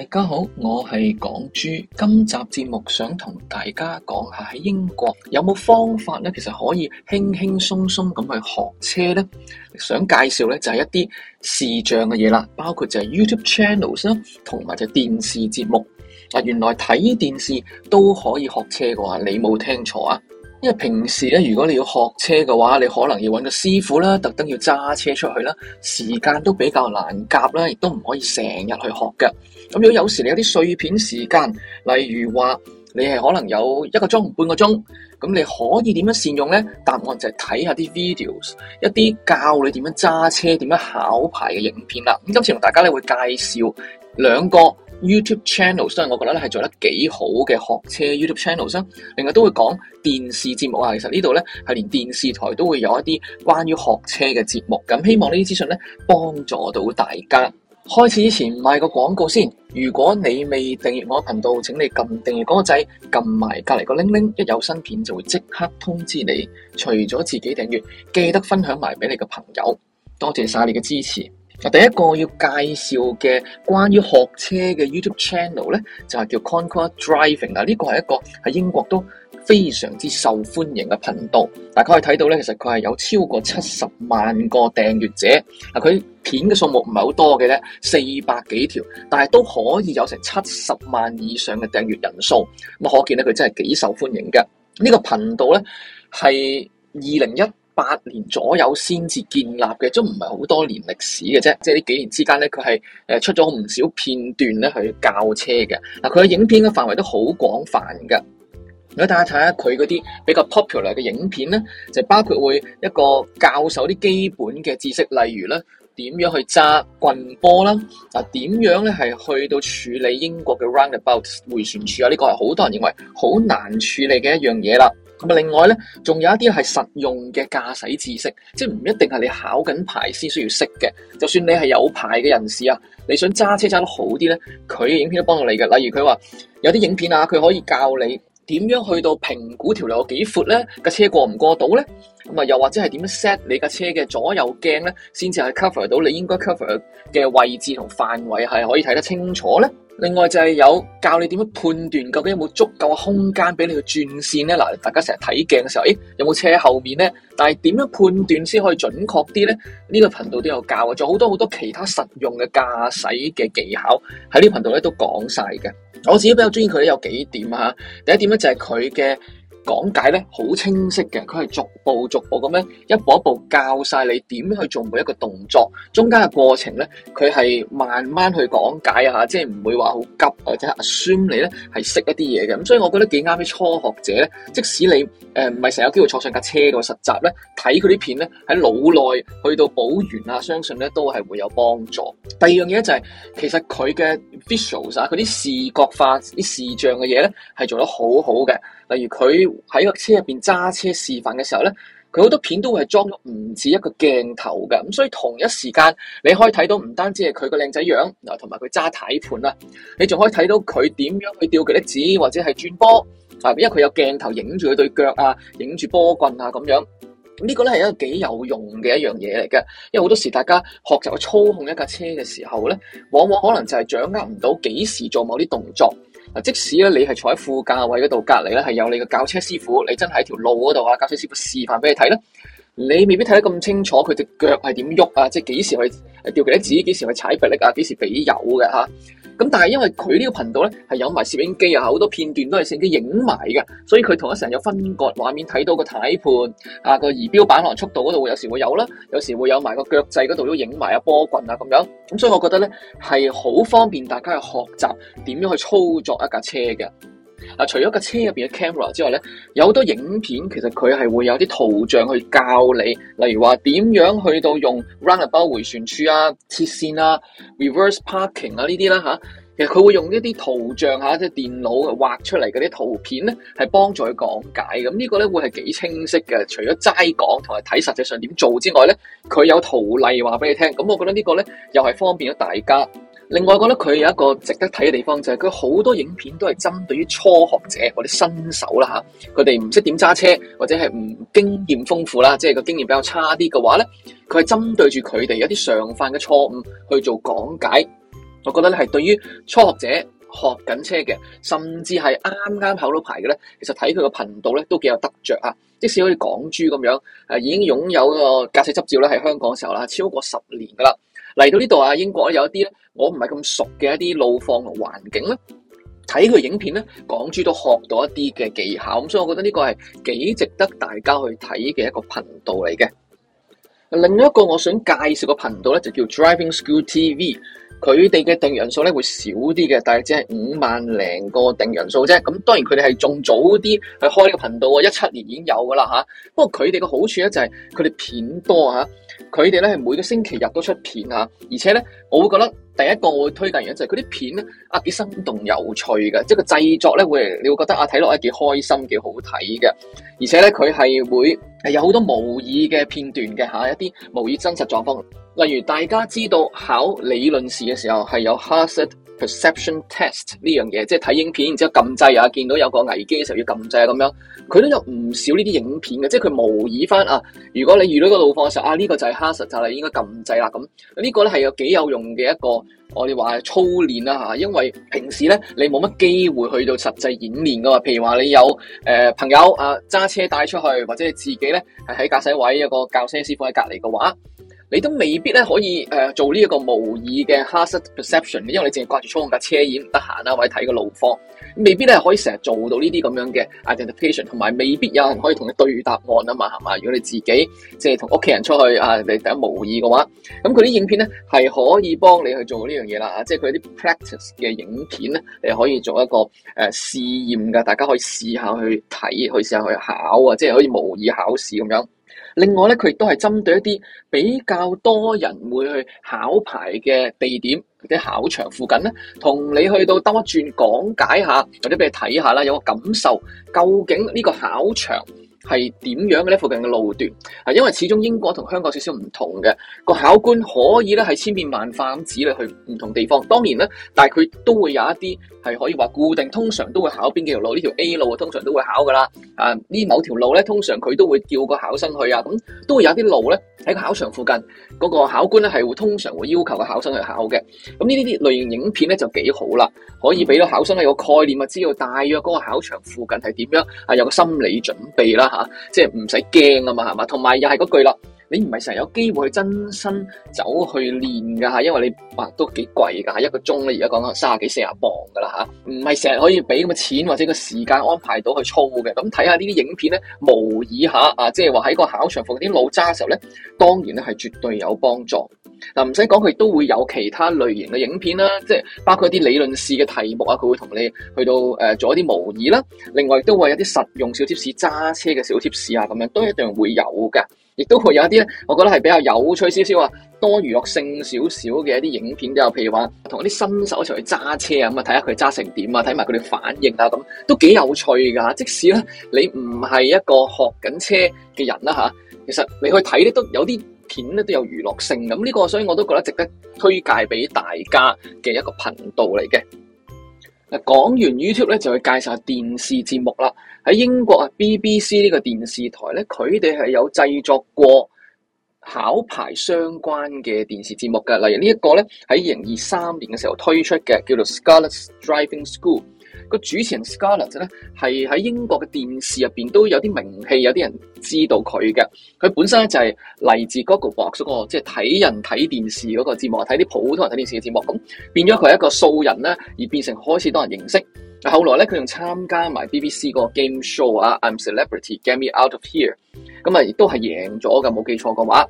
大家好，我係港豬。今集節目想同大家講下喺英國有冇方法咧，其實可以輕輕鬆鬆咁去學車呢。想介紹咧就係一啲視像嘅嘢啦，包括就係 YouTube channels 啦，同埋就電視節目。啊，原來睇電視都可以學車嘅話，你冇聽錯啊！因為平時咧，如果你要學車嘅話，你可能要搵個師傅啦，特登要揸車出去啦，時間都比較難夾啦，亦都唔可以成日去學嘅。咁如果有時你有啲碎片時間，例如話你係可能有一個鐘、半個鐘，咁你可以點樣善用呢？答案就係睇下啲 videos，一啲 video, 教你點樣揸車、點樣考牌嘅影片啦。咁今次同大家咧會介紹兩個。YouTube channel，所以我覺得咧係做得幾好嘅學車 YouTube channel 啦。另外都會講電視節目啊，其實這裏呢度呢係連電視台都會有一啲關於學車嘅節目。咁希望這資訊呢啲資訊呢幫助到大家。開始之前賣個廣告先。如果你未訂閱我頻道，請你撳訂閱個掣，撳埋隔離個鈴鈴，一有新片就會即刻通知你。除咗自己訂閱，記得分享埋俾你嘅朋友。多謝晒你嘅支持。第一個要介紹嘅關於學車嘅 YouTube channel 咧，就係叫 Concord Driving。嗱，呢個係一個喺英國都非常之受歡迎嘅頻道。大家可以睇到咧，其實佢係有超過七十萬個訂閱者。嗱，佢片嘅數目唔係好多嘅咧，四百幾條，但係都可以有成七十萬以上嘅訂閱人數。咁可見咧，佢真係幾受歡迎嘅。這個、頻道呢個頻道咧係二零一是八年左右先至建立嘅，都唔係好多年歷史嘅啫。即係呢幾年之間咧，佢係誒出咗唔少片段咧去教車嘅。嗱，佢嘅影片嘅範圍都好廣泛噶。如果大家睇下佢嗰啲比較 popular 嘅影片咧，就包括會一個教授啲基本嘅知識，例如咧點樣去揸棍波啦，啊點樣咧係去到處理英國嘅 roundabout 迴旋處啊，呢個係好多人認為好難處理嘅一樣嘢啦。咁啊，另外咧，仲有一啲係實用嘅駕駛知識，即係唔一定係你考緊牌先需要識嘅。就算你係有牌嘅人士啊，你想揸車揸得好啲咧，佢嘅影片都幫到你嘅。例如佢話有啲影片啊，佢可以教你點樣去到評估條路有幾闊咧，個車過唔過到咧？咁啊，又或者係點樣 set 你架車嘅左右鏡咧，先至係 cover 到你應該 cover 嘅位置同範圍係可以睇得清楚咧？另外就係有教你點樣判斷究竟有冇足夠嘅空間俾你去轉線咧。嗱，大家成日睇鏡嘅時候，誒，有冇車喺後面咧？但係點樣判斷先可以準確啲咧？呢個頻道都有教啊，仲有好多好多其他實用嘅駕駛嘅技巧喺呢個頻道咧都講晒嘅。我自己比較中意佢咧有幾點啊？第一點咧就係佢嘅。講解咧好清晰嘅，佢係逐步逐步咁樣一步一步教晒你點樣去做每一個動作，中間嘅過程咧佢係慢慢去講解啊，即係唔會話好急或者 assume 你咧係識一啲嘢嘅，咁所以我覺得幾啱啲初學者咧，即使你誒唔係成日有機會坐上架車度實習咧，睇佢啲片咧喺腦內去到補完啊，相信咧都係會有幫助。第二樣嘢咧就係、是、其實佢嘅 visuals 啊，佢啲視覺化啲視像嘅嘢咧係做得好好嘅，例如佢，喺個車入邊揸車示範嘅時候咧，佢好多片都會係裝咗唔止一個鏡頭嘅，咁所以同一時間你可以睇到唔單止係佢個靚仔樣，同埋佢揸軚盤啦，你仲可以睇到佢點樣去吊佢啲軚或者係轉波，啊，因為佢有鏡頭影住佢對腳啊，影住波棍啊咁樣，呢個咧係一個幾有用嘅一樣嘢嚟嘅，因為好多時大家學習去操控一架車嘅時候咧，往往可能就係掌握唔到幾時做某啲動作。即使咧你係坐喺副駕位嗰度，隔離咧係有你個教車師傅，你真係喺條路嗰度啊，教車師傅示範俾你睇咧，你未必睇得咁清楚佢隻腳係點喐啊，即係幾時去調極力子，幾時去踩迫力啊，幾時俾油嘅嚇。咁但係因為佢呢個頻道咧係有埋攝影機啊，好多片段都係攝影機影埋嘅，所以佢同一時間有分割畫面睇到個軚盤啊，個儀表板同速度嗰度，有時會有啦，有時會有埋個腳掣嗰度都影埋啊，波棍啊咁樣。咁所以我覺得咧係好方便大家去學習點樣去操作一架車嘅。啊！除咗個車入邊嘅 camera 之外咧，有好多影片，其實佢係會有啲圖像去教你，例如話點樣去到用 roundabout 迴旋處啊、切線啊、reverse parking 啊呢啲啦吓，其實佢會用呢啲圖像嚇、啊，即係電腦畫出嚟嗰啲圖片咧，係幫助佢講解。咁呢個咧會係幾清晰嘅。除咗齋講同埋睇實際上點做之外咧，佢有圖例話俾你聽。咁我覺得呢個呢個咧又係方便咗大家。另外，我覺得佢有一個值得睇嘅地方就係佢好多影片都係針對於初學者或者新手啦嚇，佢哋唔識點揸車或者係唔經驗豐富啦，即係個經驗比較差啲嘅話咧，佢係針對住佢哋一啲常犯嘅錯誤去做講解。我覺得咧係對於初學者學緊車嘅，甚至係啱啱考到牌嘅咧，其實睇佢個頻道咧都幾有得着啊！即使好似港豬咁樣，誒已經擁有個駕駛執照咧，喺香港的時候啦，超過十年噶啦。嚟到呢度啊，英國有一啲咧，我唔係咁熟嘅一啲路況同環境咧，睇佢影片咧，港豬都學到一啲嘅技巧，咁所以我覺得呢個係幾值得大家去睇嘅一個頻道嚟嘅。另一個我想介紹嘅頻道咧，就叫 Driving School TV。佢哋嘅訂人數咧會少啲嘅，但係只係五萬零個訂人數啫。咁當然佢哋係仲早啲去開呢個頻道啊，一七年已經有噶啦嚇。不過佢哋嘅好處咧就係佢哋片多嚇，佢哋咧係每個星期日都出片嚇，而且咧我會覺得第一個我會推介嘅就係佢啲片咧啊幾生動有趣嘅，即係個製作咧會你會覺得啊睇落啊幾開心幾好睇嘅，而且咧佢係會係有好多模擬嘅片段嘅嚇，一啲模擬真實狀況。例如大家知道考理論試嘅時候係有 hazard perception test 呢樣嘢，即係睇影片然之後撳掣啊，見到有個危機嘅時候要撳掣啊咁樣，佢都有唔少呢啲影片嘅，即係佢模擬翻啊，如果你遇到個路況嘅時候啊，呢、這個就係 hazard 就係應該撳掣啦咁，這這個、呢個咧係有幾有用嘅一個我哋話操練啦吓，因為平時咧你冇乜機會去到實際演練噶嘛，譬如話你有誒、呃、朋友啊揸車帶出去，或者你自己咧係喺駕駛位有一個教車師傅喺隔籬嘅話。你都未必咧可以誒做呢一個模擬嘅 hazard perception，因為你淨係掛住操控架車而唔得閒啊或者睇個路況，未必咧可以成日做到呢啲咁樣嘅 identification，同埋未必有人可以同你對答案啊嘛，係嘛？如果你自己即係同屋企人出去啊，你第一模擬嘅話，咁佢啲影片咧係可以幫你去做呢樣嘢啦，即係佢啲 practice 嘅影片咧，你可以做一個誒、呃、試驗㗎，大家可以試下去睇，去試下去考啊，即係可以模擬考試咁樣。另外咧，佢亦都係針對一啲比較多人會去考牌嘅地點、啲考場附近咧，同你去到兜一轉講解下，或者俾你睇下啦，有個感受，究竟呢個考場係點樣嘅咧？附近嘅路段啊，因為始終英國同香港少少唔同嘅，個考官可以咧係千變萬化咁指你去唔同地方。當然啦，但係佢都會有一啲係可以話固定，通常都會考邊幾條路？呢條 A 路啊，通常都會考嘅啦。啊，呢某條路咧，通常佢都會叫個考生去啊，咁都會有啲路咧喺個考場附近嗰、那個考官咧係會通常會要求個考生去考嘅。咁呢啲啲類型影片咧就幾好啦，可以俾到考生一個概念啊，知道大約嗰個考場附近係點樣啊，有個心理準備啦。即係唔使驚啊嘛，係嘛？同埋又係嗰句啦。你唔係成日有機會去真身走去練㗎，因為你話都幾貴㗎，一個鐘咧而家講三十幾四十磅㗎啦，唔係成日可以俾咁嘅錢或者個時間安排到去操嘅。咁睇下呢啲影片咧，模擬下啊，即係話喺個考場放啲老揸嘅時候咧，當然咧係絕對有幫助嗱。唔使講，佢都會有其他類型嘅影片啦，即係包括啲理論試嘅題目啊，佢會同你去到誒、呃、做一啲模擬啦。另外亦都會有啲實用小貼士揸車嘅小貼士啊，咁樣都一定會有嘅。亦都會有一啲咧，我覺得係比較有趣少少啊，多娛樂性少少嘅一啲影片，就譬如話同一啲新手一齊去揸車啊，咁啊睇下佢揸成點啊，睇埋佢哋反應啊，咁都幾有趣㗎。即使咧你唔係一個學緊車嘅人啦吓，其實你去睇咧都有啲片咧都有娛樂性。咁、這、呢個所以我都覺得值得推介俾大家嘅一個頻道嚟嘅。嗱，講完 YouTube 咧，就會介紹下電視節目啦。喺英國啊，BBC 呢個電視台咧，佢哋係有製作過考牌相關嘅電視節目嘅。例如這呢一個咧，喺二零二三年嘅時候推出嘅，叫做 Scarlet Driving School。個主持人 Scarlett 咧，係喺英國嘅電視入邊都有啲名氣，有啲人知道佢嘅。佢本身咧就係嚟自《Gogglebox》嗰個，即係睇人睇電視嗰個節目，睇啲普通人睇電視嘅節目，咁變咗佢係一個素人咧，而變成開始多人認識。後來咧，佢仲參加埋 BBC 嗰個 game show 啊，《I'm Celebrity Get Me Out of Here》咁啊，亦都係贏咗嘅，冇記錯嘅話。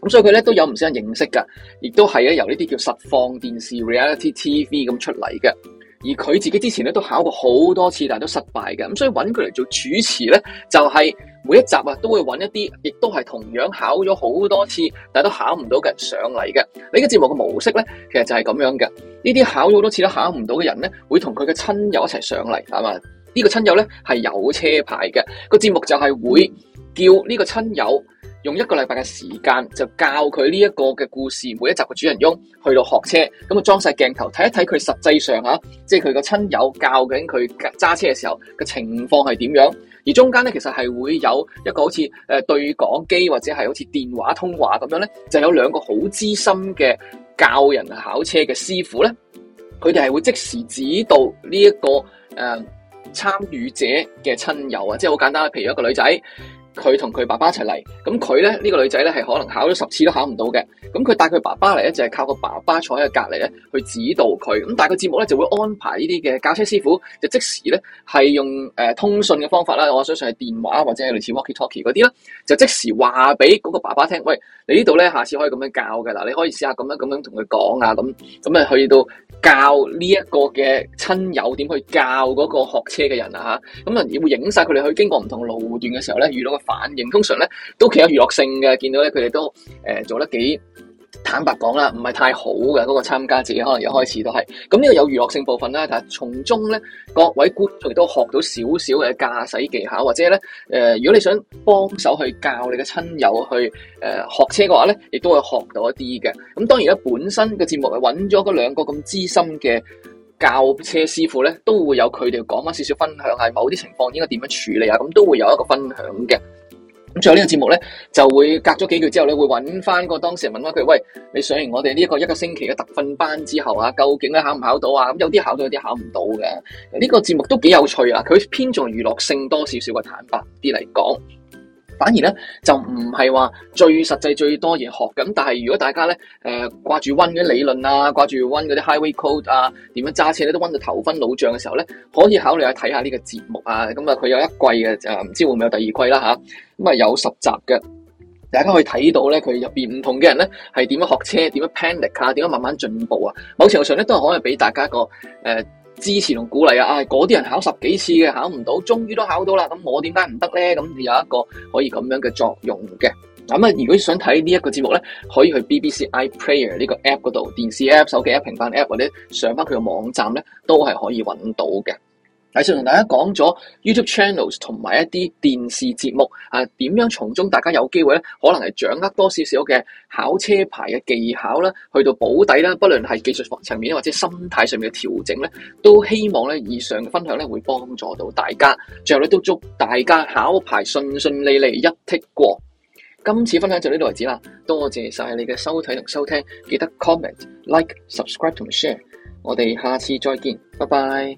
咁所以佢咧都有唔少人認識嘅，亦都係咧由呢啲叫實況電視 （Reality TV） 咁出嚟嘅。而佢自己之前咧都考過好多次，但係都失敗嘅，咁所以揾佢嚟做主持呢，就係每一集啊都會揾一啲，亦都係同樣考咗好多次，但係都考唔到嘅人上嚟嘅。呢個節目嘅模式呢，其實就係咁樣嘅。呢啲考咗好多次都考唔到嘅人呢，會同佢嘅親友一齊上嚟，係嘛？呢個親友呢，係有車牌嘅，個節目就係會叫呢個親友。用一個禮拜嘅時間就教佢呢一個嘅故事，每一集嘅主人翁去到學車，咁啊裝晒鏡頭睇一睇佢實際上吓，即係佢個親友教緊佢揸車嘅時候嘅情況係點樣？而中間呢，其實係會有一個好似誒對講機或者係好似電話通話咁樣呢，就有兩個好資深嘅教人考車嘅師傅呢，佢哋係會即時指導呢、這、一個誒、呃、參與者嘅親友啊，即係好簡單，譬如一個女仔。佢同佢爸爸一齊嚟，咁佢咧呢個女仔咧係可能考咗十次都考唔到嘅，咁佢帶佢爸爸嚟咧就係靠個爸爸坐喺個隔籬咧去指導佢，咁但係個節目咧就會安排呢啲嘅教車師傅就即時咧係用誒通訊嘅方法啦，我相信係電話或者係類似 walkie talkie 嗰啲啦，就即時話俾嗰個爸爸聽，喂，你呢度咧下次可以咁樣教㗎啦，你可以試下咁樣咁樣同佢講啊，咁咁啊去到教呢一個嘅。親友點去教嗰個學車嘅人啊？嚇咁啊，亦會影晒佢哋去經過唔同路段嘅時候咧，遇到嘅反應，通常咧都幾有娛樂性嘅。見到咧佢哋都誒、呃、做得幾坦白講啦，唔係太好嘅嗰、那個參加者，可能一開始都係咁呢個有娛樂性部分啦。但係從中咧，各位觀眾亦都學到少少嘅駕駛技巧，或者咧誒、呃，如果你想幫手去教你嘅親友去誒、呃、學車嘅話咧，亦都會學到一啲嘅。咁當然啦，本身嘅節目係揾咗嗰兩個咁資深嘅。教車師傅咧，都會有佢哋講翻少少分享，係某啲情況應該點樣處理啊，咁都會有一個分享嘅。咁最後呢個節目咧，就會隔咗幾個月之後，你會揾翻個當事人問翻佢，喂，你上完我哋呢個一個星期嘅特訓班之後啊，究竟咧考唔考到啊？咁有啲考到，有啲考唔到嘅。呢個節目都幾有趣啊，佢偏重娛樂性多少少嘅坦白啲嚟講。反而咧就唔係話最實際最多嘢學咁，但係如果大家咧誒，掛住溫啲理論啊，掛住溫嗰啲 highway code 啊，點樣揸車咧都溫到頭昏腦脹嘅時候咧，可以考慮去睇下呢個節目啊。咁、嗯、啊，佢有一季嘅，就、呃、唔知會唔會有第二季啦吓。咁啊、嗯、有十集嘅，大家可以睇到咧，佢入邊唔同嘅人咧係點樣學車，點樣 panic 啊，點樣慢慢進步啊。某程度上咧都係可以俾大家一個誒。呃支持同鼓勵啊！嗰、哎、啲人考十幾次嘅考唔到，終於都考到啦。咁我點解唔得呢？咁有一個可以咁樣嘅作用嘅。咁啊，如果想睇呢一個節目呢，可以去 BBC iPlayer 呢個 App 嗰度、電視 App、手機 App、平板 App 或者上翻佢個網站呢，都係可以揾到嘅。啱先同大家講咗 YouTube channels 同埋一啲電視節目啊，點樣從中大家有機會咧，可能係掌握多少少嘅考車牌嘅技巧啦，去到保底啦。不論係技術層面或者心態上面嘅調整咧，都希望咧以上嘅分享咧會幫助到大家。最後咧都祝大家考牌順順利利一剔過。今次分享就呢度為止啦，多謝晒你嘅收睇同收聽，記得 comment like subscribe 同 share。我哋下次再見，拜拜。